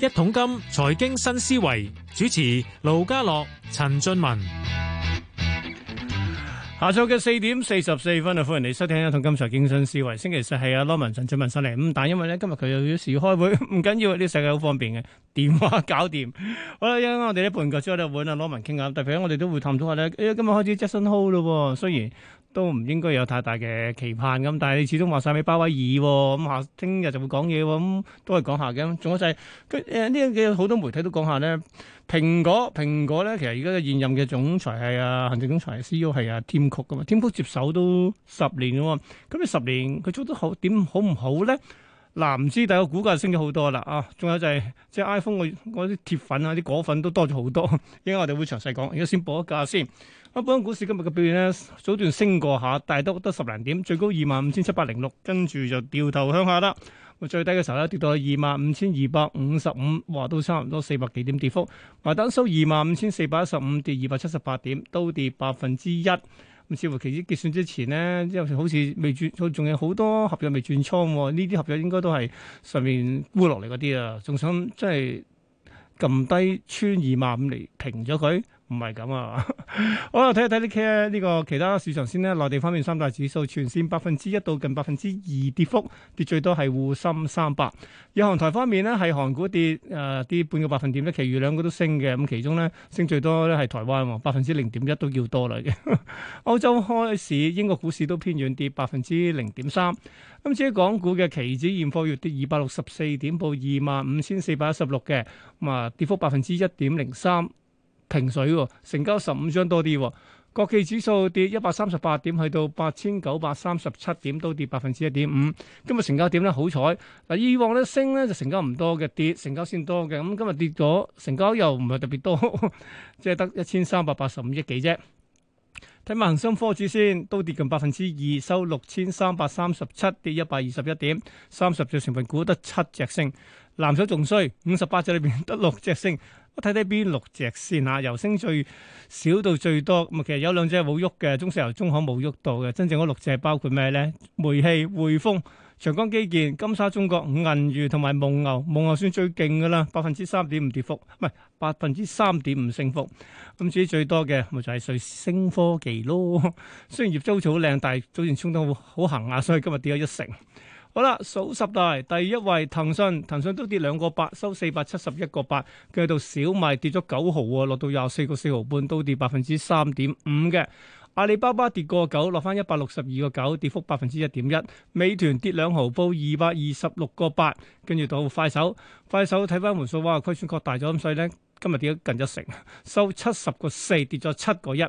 一桶金財經新思維，主持盧家樂、陳俊文，下晝嘅四點四十四分啊！歡迎你收聽一桶金財經新思維。星期四係阿羅文陳俊文上嚟，咁但係因為咧今日佢有事開會，唔緊要，呢個世界好方便嘅，電話搞掂。好啦，一陣我哋啲半日之後咧會啊，阿羅文傾下，特別我哋都會探討下咧，因為今日開始 Jackson Hole 咯，雖然。都唔應該有太大嘅期盼咁，但係你始終話晒俾鮑威爾喎，咁下聽日就會講嘢喎，咁都係講下嘅。仲有就係佢呢樣嘢，好、呃、多媒體都講下咧。蘋果蘋果咧，其實而家嘅現任嘅總裁係啊，行政總裁係 CEO 係啊，Tim Cook 噶嘛，Tim Cook 接手都十年喎。咁你十年佢做得好點好唔好咧？嗱，唔知但係個股價升咗好多啦啊！仲、啊、有就係、是、即係 iPhone 嗰啲鐵粉啊，啲果粉都多咗好多。依 家我哋會詳細講，而家先報一價先。咁本港股市今日嘅表現咧，早段升過下，但係都得十零點，最高二萬五千七百零六，跟住就掉頭向下啦。最低嘅時候咧，跌到二萬五千二百五十五，哇，都差唔多四百幾點跌幅。買單收二萬五千四百一十五，跌二百七十八點，都跌百分之一。咁似乎期指結算之前咧，即係好似未轉，仲有好多合約未轉倉喎。呢啲合約應該都係上面沽落嚟嗰啲啊，仲想即係撳低穿二萬五嚟停咗佢。唔係咁啊！ 好啦，睇一睇呢？呢個其他市場先咧。內地方面，三大指數全線百分之一到近百分之二跌幅，跌最多係滬深三百。日韓台方面呢係韓股跌誒啲、呃、跌半個百分點咧，其餘兩個都升嘅。咁其中咧升最多咧係台灣，百分之零點一都要多啦嘅。歐 洲開市，英國股市都偏軟跌，百分之零點三。咁、嗯、至於港股嘅期指現貨，要跌二百六十四點，報二萬五千四百一十六嘅，咁啊跌幅百分之一點零三。平水、啊，成交十五張多啲、啊。國企指數跌一百三十八點，去到八千九百三十七點，都跌百分之一點五。今日成交點咧，好彩。嗱，以往咧升咧就成交唔多嘅，跌成交先多嘅。咁今日跌咗，成交又唔係特別多，即係得一千三百八十五億幾啫。睇下恒生科指先，都跌近百分之二，收六千三百三十七，跌一百二十一點。三十隻成分股得七隻升，藍籌仲衰，五十八隻裏邊得六隻升。睇睇邊六隻先啊！由升最少到最多咁，其實有兩隻冇喐嘅，中石油、中行冇喐到嘅。真正嗰六隻係包括咩咧？煤氣、匯豐、長江基建、金沙中國、銀娛同埋蒙牛。蒙牛算最勁㗎喇，百分之三點五跌幅，唔係百分之三點五升幅。咁至於最多嘅咪就係瑞聲科技咯。雖然業績好似好靚，但係早前衝得好好行啊，所以今日跌咗一成。好啦，數十大第一位騰訊，騰訊都跌兩個八，收四百七十一個八。跟住到小米跌咗九毫啊，落到廿四個四毫半，都跌百分之三點五嘅。阿里巴巴跌過九，落翻一百六十二個九，跌幅百分之一點一。美團跌兩毫，報二百二十六個八。跟住到快手，快手睇翻盤數，哇虧損擴大咗，咁所以呢，今日跌咗近一成，收七十個四，跌咗七個一。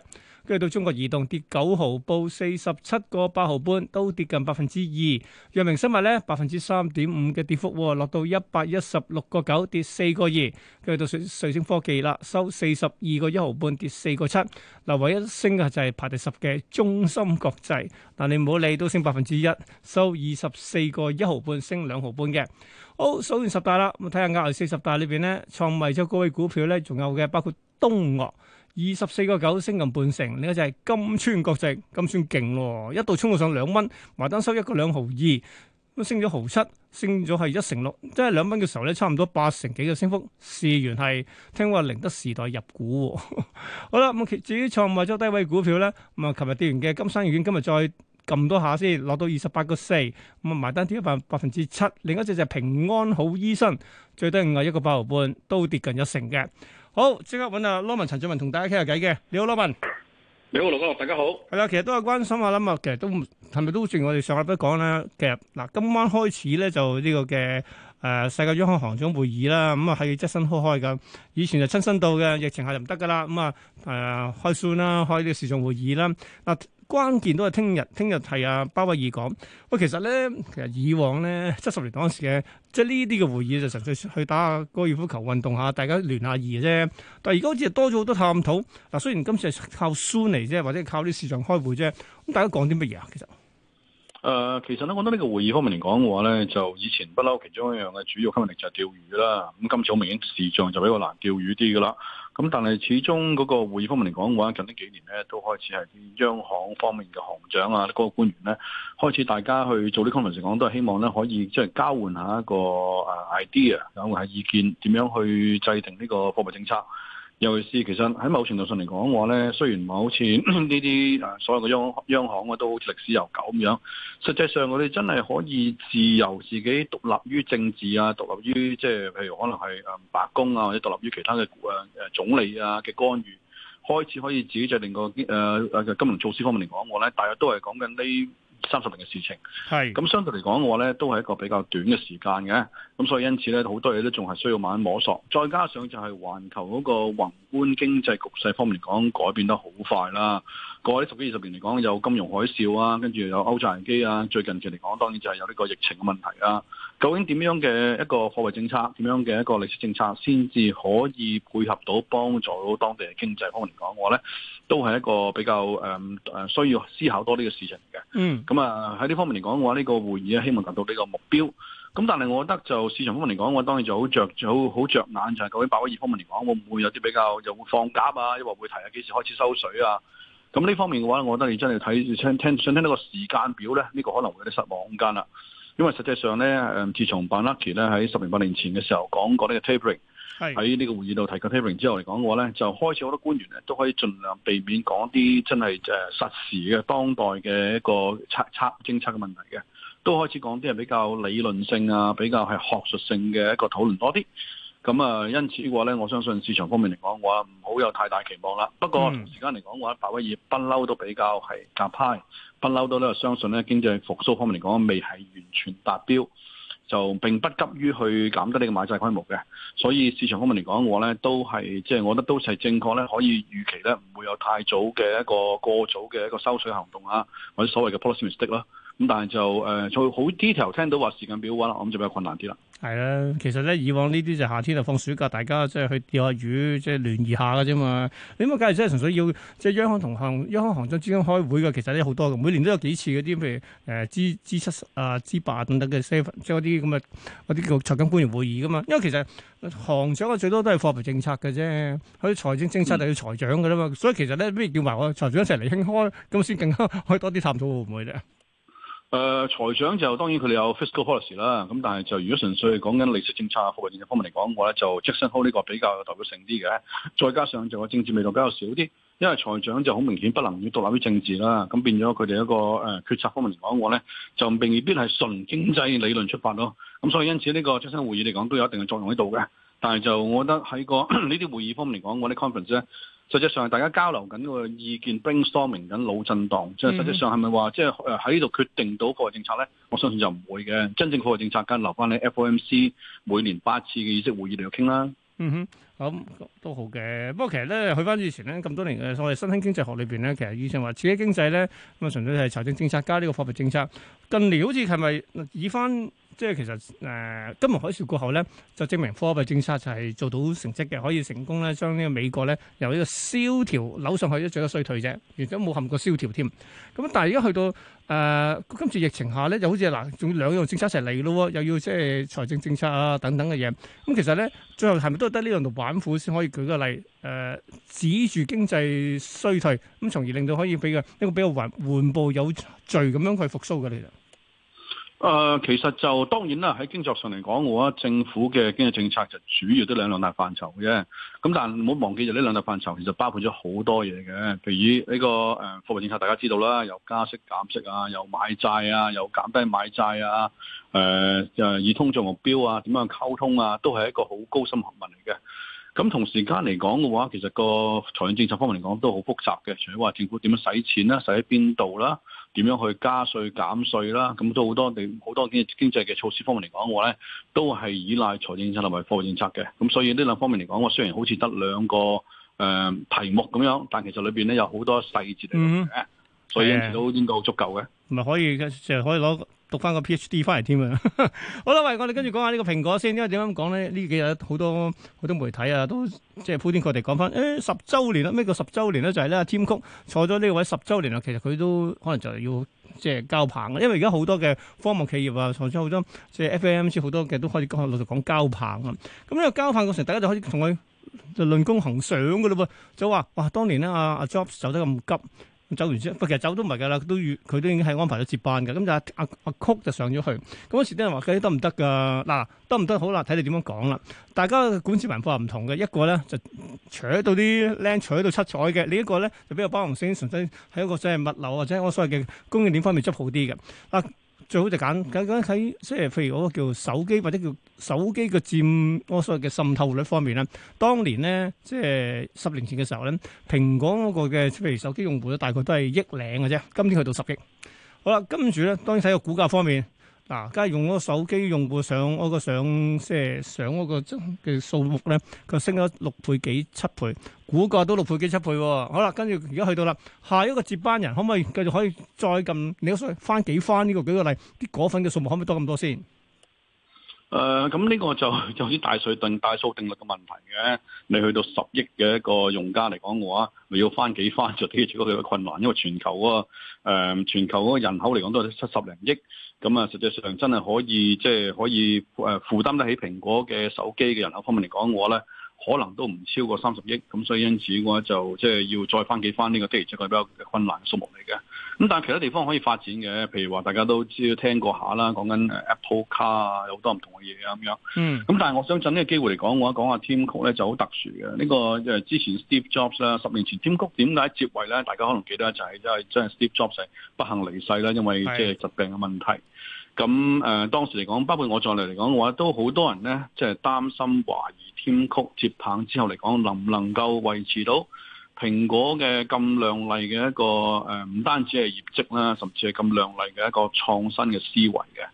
跟住到中國移動跌九毫，報四十七個八毫半，都跌近百分之二。藥明生物咧，百分之三點五嘅跌幅，落到一百一十六個九，跌四個二。跟住到瑞瑞聲科技啦，收四十二個一毫半，跌四個七。嗱，唯一升嘅就係排第十嘅中芯國際，但你唔好理，都升百分之一，收二十四個一毫半，升兩毫半嘅。好，數完十大啦，咁睇下今日四十大裏邊咧，創賣出高位股票咧，仲有嘅包括東岳。二十四個九升近半成，另一隻係金川國際，金川勁咯，一度衝到上兩蚊，埋單收一個兩毫二，咁升咗毫七，升咗係一成六，即係兩蚊嘅時候咧，差唔多八成幾嘅升幅。試完係聽話寧德時代入股。好啦，咁至於創買咗低位股票咧，咁啊，琴日跌完嘅金山軟件今日再撳多下先，落到二十八個四，咁啊埋單跌咗百百分之七，另一隻就係平安好醫生，最低嘅一個八毫半，都跌近一成嘅。好，即刻揾阿羅文陳俊文同大家傾下偈嘅。你好，羅文。你好，羅哥，大家好。係啦，其實都有關心下啦。其實都唔係咪都正如我哋上日都講啦。其實嗱，今晚開始咧就呢個嘅誒，世界央行行長會議啦。咁啊，係要即身開開噶。以前就親身到嘅，疫情下就唔得噶啦。咁啊誒，開算啦，開呢個市場會議啦。嗱。關鍵都係聽日，聽日係阿、啊、鮑威爾講。喂，其實咧，其實以往咧七十年代陣時嘅，即係呢啲嘅會議就純粹去打下高爾夫球運動下，大家聯下誼嘅啫。但係而家好似係多咗好多探討。嗱，雖然今次係靠書嚟啫，或者係靠啲視像開會啫。咁大家講啲乜嘢啊、呃？其實，誒，其實咧，我覺得呢個會議方面嚟講嘅話咧，就以前不嬲，其中一樣嘅主要吸引力就係釣魚啦。咁今次好明顯視像就比較難釣魚啲噶啦。咁但係始終嗰個會議方面嚟講嘅話，近呢幾年咧都開始係央行方面嘅行長啊，嗰、那個官員咧開始大家去做啲 conference 嚟講，都係希望咧可以即係交換一下一個誒 idea，交換下意見，點樣去制定呢個貨幣政策。尤其是其實喺某程度上嚟講話咧，雖然話好似呢啲誒所有嘅央央行啊都好似歷史悠久咁樣，實際上我哋真係可以自由自己獨立於政治啊，獨立於即係譬如可能係誒白宮啊，或者獨立於其他嘅誒誒總理啊嘅干預，開始可以自己制定個誒誒金融措施方面嚟講我咧，大約都係講緊呢三十年嘅事情，係咁是相對嚟講嘅話咧，都係一個比較短嘅時間嘅，咁所以因此咧，好多嘢都仲係需要慢慢摸索，再加上就係環球嗰個宏。觀經濟局勢方面嚟講，改變得好快啦。過去十幾二十年嚟講，有金融海嘯啊，跟住有歐債危機啊。最近期嚟講，當然就係有呢個疫情嘅問題啦、啊。究竟點樣嘅一個貨幣政策，點樣嘅一個利息政策，先至可以配合到幫助到當地嘅經濟方面嚟講嘅話咧，都係一個比較誒誒、呃、需要思考多呢個事情嘅。嗯。咁啊，喺呢方面嚟講嘅話，呢、這個會議咧，希望達到呢個目標。咁但係，我覺得就市場方面嚟講，我當然就好着好好著眼就係、是、究竟百位。易方面嚟講，會唔會有啲比較，有冇放假啊？抑或會提下、啊、幾時開始收水啊？咁呢方面嘅話，我覺得你真係睇聽想聽到個時間表咧，呢、這個可能會有啲失望空間啦。因為實際上咧，誒自從 Bernanke 咧喺十年八年前嘅時候講過呢個 tapering，喺呢是個會議度提及 tapering 之後嚟講嘅話咧，就開始好多官員咧都可以儘量避免講啲真係誒實時嘅當代嘅一個策策政策嘅問題嘅。都開始講啲係比較理論性啊，比較係學術性嘅一個討論多啲。咁啊，因此嘅話咧，我相信市場方面嚟講，我唔好有太大期望啦。不過同時間嚟講嘅話，鮑威爾不嬲都比較係鴿派，不嬲都咧相信咧經濟復蘇方面嚟講，未係完全達標，就並不急於去減低呢個買債規模嘅。所以市場方面嚟講，我咧都係即係，就是、我覺得都係正確咧，可以預期咧，唔會有太早嘅一個過早嘅一個收水行動啊，或者所謂嘅 policy mistake 咯、啊。咁、嗯、但係就誒，就好 detail 聽到話時間表話啦，我諗就比較困難啲啦。係啊，其實咧以往呢啲就夏天啊放暑假，大家即係去釣下魚，即、就、係、是、聯誼下嘅啫嘛。你咁樣講嚟講，純粹要即係、就是、央行同行，央行行長之間開會嘅，其實咧好多嘅，每年都有幾次嗰啲譬如誒 G、G7 啊、G8 等等嘅即係嗰啲咁嘅嗰啲叫財經官員會議噶嘛。因為其實行長啊最多都係貨幣政策嘅啫，佢財政政策就要財長嘅啦嘛。嗯、所以其實咧，不如叫埋我財長一齊嚟傾開，咁先更加可以多啲探討會唔會啫。誒、uh, 財長就當然佢哋有 fiscal policy 啦，咁但係就如果純粹講緊利息政策、貨幣政策方面嚟講嘅話咧，就 Jackson Hole 呢個比較代表性啲嘅，再加上就個政治味道比較少啲，因為財長就好明顯不能要獨立於政治啦，咁變咗佢哋一個誒、呃、決策方面嚟講嘅話咧，就未必係純經濟理論出發咯，咁所以因此呢個 Jackson Hole 會議嚟講都有一定嘅作用喺度嘅，但係就我覺得喺個呢啲 會議方面嚟講，我啲 conference 咧。實際上大家交流緊個意見 brainstorming 緊腦震盪。即係實際上係咪話，即係誒喺呢度決定到貨幣政策咧？我相信就唔會嘅。真正貨幣政策梗留翻你 FOMC 每年八次嘅議息會議嚟去傾啦。嗯哼，咁、嗯、都好嘅。不過其實咧，去翻以前咧，咁多年嘅所謂新興經濟學裏邊咧，其實以前話刺激經濟咧，咁啊純粹係財政政策加呢個貨幣政策。近年好似係咪以翻？即係其實誒，今、呃、日海嘯過後咧，就證明貨幣政策就係做到成績嘅，可以成功咧將呢將個美國咧由呢個蕭條扭上去一啲咁衰退啫，而且冇冚過蕭條添。咁但係而家去到誒、呃、今次疫情下咧，就好似嗱，仲兩樣政策一齊嚟咯喎，又要即係財政政策啊等等嘅嘢。咁其實咧，最後係咪都係得呢兩度玩火先可以舉個例誒、呃，止住經濟衰退，咁從而令到可以俾個一個比較緩緩步有序咁樣去復甦嘅嚟嘅？誒、呃，其實就當然啦，喺經濟上嚟講，我話政府嘅經濟政策就主要都兩兩大範疇嘅。咁但係唔好忘記就呢兩大範疇，其實包括咗好多嘢嘅。譬如呢、這個誒貨幣政策，大家知道啦，有加息、減息啊，有買債啊，有減低買債啊。誒、呃、誒，以通脹目標啊，點樣溝通啊，都係一個好高深學問嚟嘅。咁、嗯、同時間嚟講嘅話，其實個財政政策方面嚟講都好複雜嘅，除咗話政府點樣使錢啦，使喺邊度啦。點樣去加稅減稅啦？咁都好多地好多經濟嘅措施方面嚟講，我咧都係依賴財政政策同埋貨幣政策嘅。咁所以呢兩方面嚟講，我雖然好似得兩個誒、呃、題目咁樣，但其實裏邊咧有好多細節嚟嘅，mm hmm. 所以應試都應該好足夠嘅。唔係可，可以，就係可以攞讀翻個 PhD 翻嚟添啊！ 好啦，喂，我哋跟住講下呢個蘋果先，因為點解咁講咧？呢幾日好多好多媒體啊，都即係鋪天蓋地講翻，誒十週年啦，咩叫十週年咧？就係、是、咧、啊，阿 Tim Cook 坐咗呢位十週年啦，其實佢都可能就要即係交棒啊，因為而家好多嘅科技企業啊，坐咗好多即係 FAMC 好多嘅都開始陸續講交棒啊！咁、嗯、呢、這個交棒過程，大家就可以同佢就論功行賞嘅咯噃，就話哇，當年咧阿阿 Jobs 走得咁急。走完之後，不其實走都唔係㗎啦，都佢都已經係安排咗接班㗎。咁就阿阿曲就上咗去。咁嗰時啲人話，佢得唔得㗎？嗱、啊，得唔得好啦？睇你點樣講啦。大家管治文化唔同嘅，一個咧就扯到啲靚，扯到七彩嘅，另一個咧就比較包容性，純粹係一個即係物流或者我所謂嘅供應鏈方面執好啲嘅。啊，最好就揀揀揀睇，即係譬如嗰個叫手機或者叫。手機嘅佔我所謂嘅滲透率方面咧，當年咧即係十年前嘅時候咧，蘋果嗰個嘅譬如手機用戶咧，大概都係億領嘅啫。今天去到十億。好啦，跟住咧，當然睇個股價方面，嗱，梗係用嗰個手機用戶上嗰個上即係上嗰個嘅數目咧，佢升咗六倍幾七倍，股價都六倍幾七倍。好啦，跟住而家去到啦，下一個接班人可唔可以繼續可以再撳？你翻幾翻呢個舉個例，啲果粉嘅數目可唔可以多咁多先？誒，咁呢、呃這個就就啲大水遁、大數定律嘅問題嘅。你去到十億嘅一個用家嚟講嘅話，要翻幾番就啲，如果佢嘅困難，因為全球個誒、呃、全球嗰個人口嚟講都係七十零億。咁、嗯、啊，實際上真係可以即係、就是、可以誒負擔得起蘋果嘅手機嘅人口方面嚟講嘅話咧，可能都唔超過三十億。咁所以因此嘅話就即係、就是、要再翻幾番呢個的而且確比較困難嘅數目嚟嘅。咁但係其他地方可以發展嘅，譬如話大家都知道聽過下啦，講緊 Apple Car 啊，有好多唔同嘅嘢咁樣。嗯。咁但係我想趁呢個機會嚟講，我一講下 Tim Cook 咧就好特殊嘅。呢、這個誒之前 Steve Jobs 啦，十年前 Tim Cook 點解接位咧？大家可能記得就係因為真係 Steve Jobs 係不幸離世啦，因為即係疾病嘅問題。咁誒的、呃、當時嚟講，包括我再嚟嚟講嘅話，都好多人咧，即、就、係、是、擔心懷疑 Tim Cook 接棒之後嚟講，能唔能夠維持到？蘋果嘅咁亮麗嘅一個誒，唔、呃、單止係業績啦，甚至係咁亮麗嘅一個創新嘅思維嘅。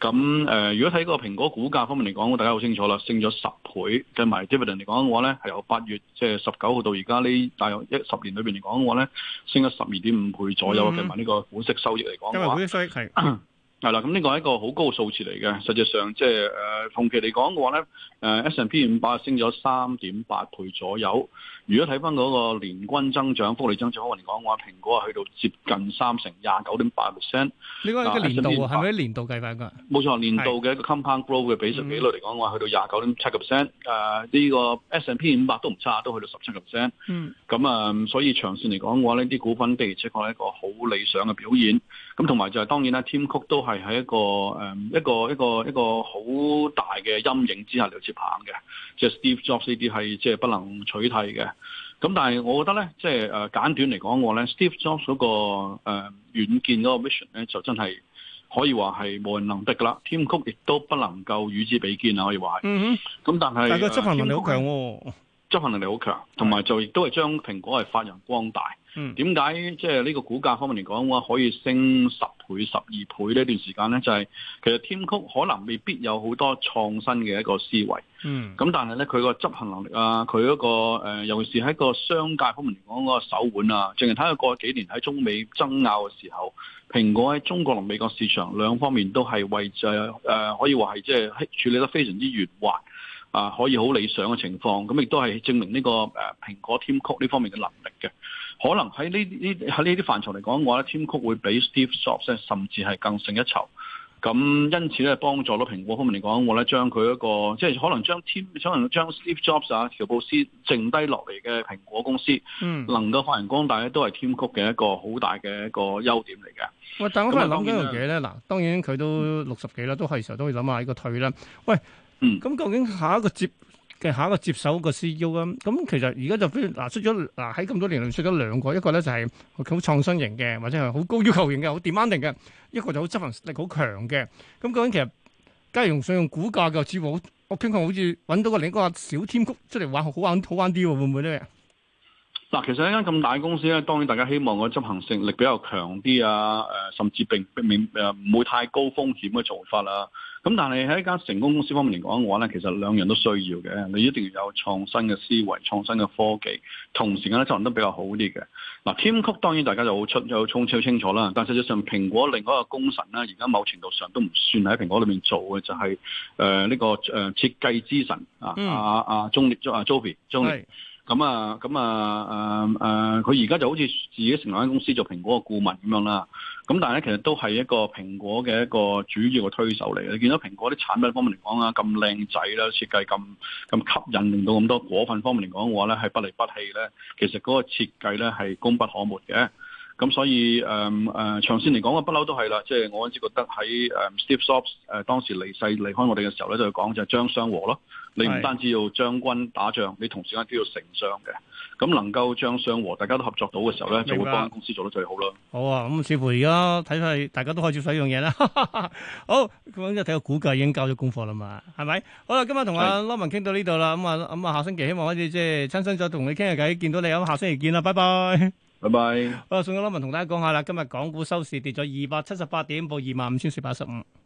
咁、嗯、誒、呃，如果睇個蘋果股價方面嚟講，大家好清楚啦，升咗十倍，計埋 dividend 嚟講嘅話咧，係由八月即係十九號到而家呢，大約十年裏邊嚟講嘅話咧，升咗十二點五倍左右，計埋呢個股息收益嚟講嘅話。 係啦，咁呢個係一個好高數字嚟嘅。實際上，即係誒同期嚟講嘅話咧，誒、呃、S and P 五百升咗三點八倍左右。如果睇翻嗰個年均增長、複利增長話，可能嚟講嘅話蘋果啊，去到接近三成廿九點八 percent。呢個一個年度啊，係咪年度計法噶？冇錯，年度嘅一個 compound growth 嘅比比率嚟講嘅話去到廿九點七 percent。誒呢個 S and P 五百都唔差，都去到十七個 percent。嗯。咁啊、嗯，所以長線嚟講嘅話呢啲股份的而且確係一個好理想嘅表現。咁同埋就係當然啦，Tim Cook 都係。係喺一個誒一個一個一個好大嘅陰影之下嚟接棒嘅，即、係 Steve Jobs 呢啲係即係不能取替嘅。咁、但係我覺得咧，即係誒簡短嚟講我咧，Steve Jobs 嗰個誒軟件嗰個 mission 咧，就真係可以話係無人能敵噶啦。Tim Cook 亦都不能夠與之比肩啊，嗯、可以話嗯嗯。咁但係但係佢執行能力好強，執行能力好強、哦，同埋就亦都係將蘋果係發揚光大。嗯，點解即係呢個股價方面嚟講，話可以升十倍、十二倍呢段時間呢？就係、是、其實添曲可能未必有好多創新嘅一個思維，嗯，咁但係呢，佢個執行能力啊，佢嗰個誒、呃，尤其是喺個商界方面嚟講嗰個手腕啊，淨係睇佢過去幾年喺中美爭拗嘅時候，蘋果喺中國同美國市場兩方面都係為咗誒、呃，可以話係即係處理得非常之圓滑啊、呃，可以好理想嘅情況，咁、嗯、亦都係證明呢、這個誒蘋、呃、果添曲呢方面嘅能力嘅。可能喺呢呢喺呢啲範疇嚟講嘅話，我咧 Tim Cook 會比 Steve Jobs 咧甚至係更勝一籌。咁因此咧，幫助到蘋果方面嚟講，我咧將佢一個即係可能將 Tim，可能將 Steve Jobs 啊喬布斯剩低落嚟嘅蘋果公司，嗯，能夠發揚光大咧，都係 Tim Cook 嘅一個好大嘅一個優點嚟嘅。喂，但我係諗緊樣嘢咧，嗱，當然佢都六十幾啦，都係時候都會諗下呢個退啦。喂，嗯，咁究竟下一個接嘅下一個接手個 CEO 啊，咁其實而家就譬如嗱，出咗嗱喺咁多年嚟出咗兩個，一個咧就係好創新型嘅，或者係好高要求型嘅，好 demanding 嘅；一個就好執行力好強嘅。咁究竟其實金融上用股價嘅似乎好，我傾向好似揾到個另一個小天谷出嚟玩，好玩好玩啲喎，會唔會咧？嗱，其實一間咁大公司咧，當然大家希望個執行性力比較強啲啊，誒、呃，甚至並避免誒唔會太高風險嘅做法啦。咁但係喺一間成功公司方面嚟講嘅話咧，其實兩樣都需要嘅，你一定要有創新嘅思維、創新嘅科技，同時間咧執行得比較好啲嘅。嗱、呃，Tim Cook 當然大家就好出、好聰、超清楚啦。但實際上，蘋果另一個功臣咧，而家某程度上都唔算喺蘋果裏面做嘅，就係誒呢個誒、呃、設計之神啊，阿阿、嗯啊啊、中阿 Jony、啊咁啊，咁啊，誒、啊、誒，佢而家就好似自己成立間公司做蘋果嘅顧問咁樣啦。咁但係咧，其實都係一個蘋果嘅一個主要嘅推手嚟嘅。你見到蘋果啲產品方面嚟講啊，咁靚仔啦，設計咁咁吸引，令到咁多果粉方面嚟講嘅話咧，係不離不棄咧。其實嗰個設計咧係功不可沒嘅。咁所以誒誒、嗯呃、長線嚟講嘅不嬲都係啦，即、就、係、是、我嗰陣時覺得喺誒、嗯、Steve Jobs 誒、呃、當時離世離開我哋嘅時候咧，就講就係將相和咯。的你唔單止要將軍打仗，你同時間都要成相嘅。咁能夠將相和，大家都合作到嘅時候咧，的就會幫公司做得最好啦。好啊，咁似乎而家睇翻，大家都可以接受一樣嘢啦。好，咁即係睇個估計已經交咗功課啦嘛，係咪？好啦，今日同阿羅文傾到呢度啦，咁啊，咁啊，下星期希望可以即係親身再同你傾下偈，見到你咁，下星期見啦，拜拜。拜拜。好啦，宋家騮文同大家講下啦，今日港股收市跌咗二百七十八點，報二萬五千四百一十五。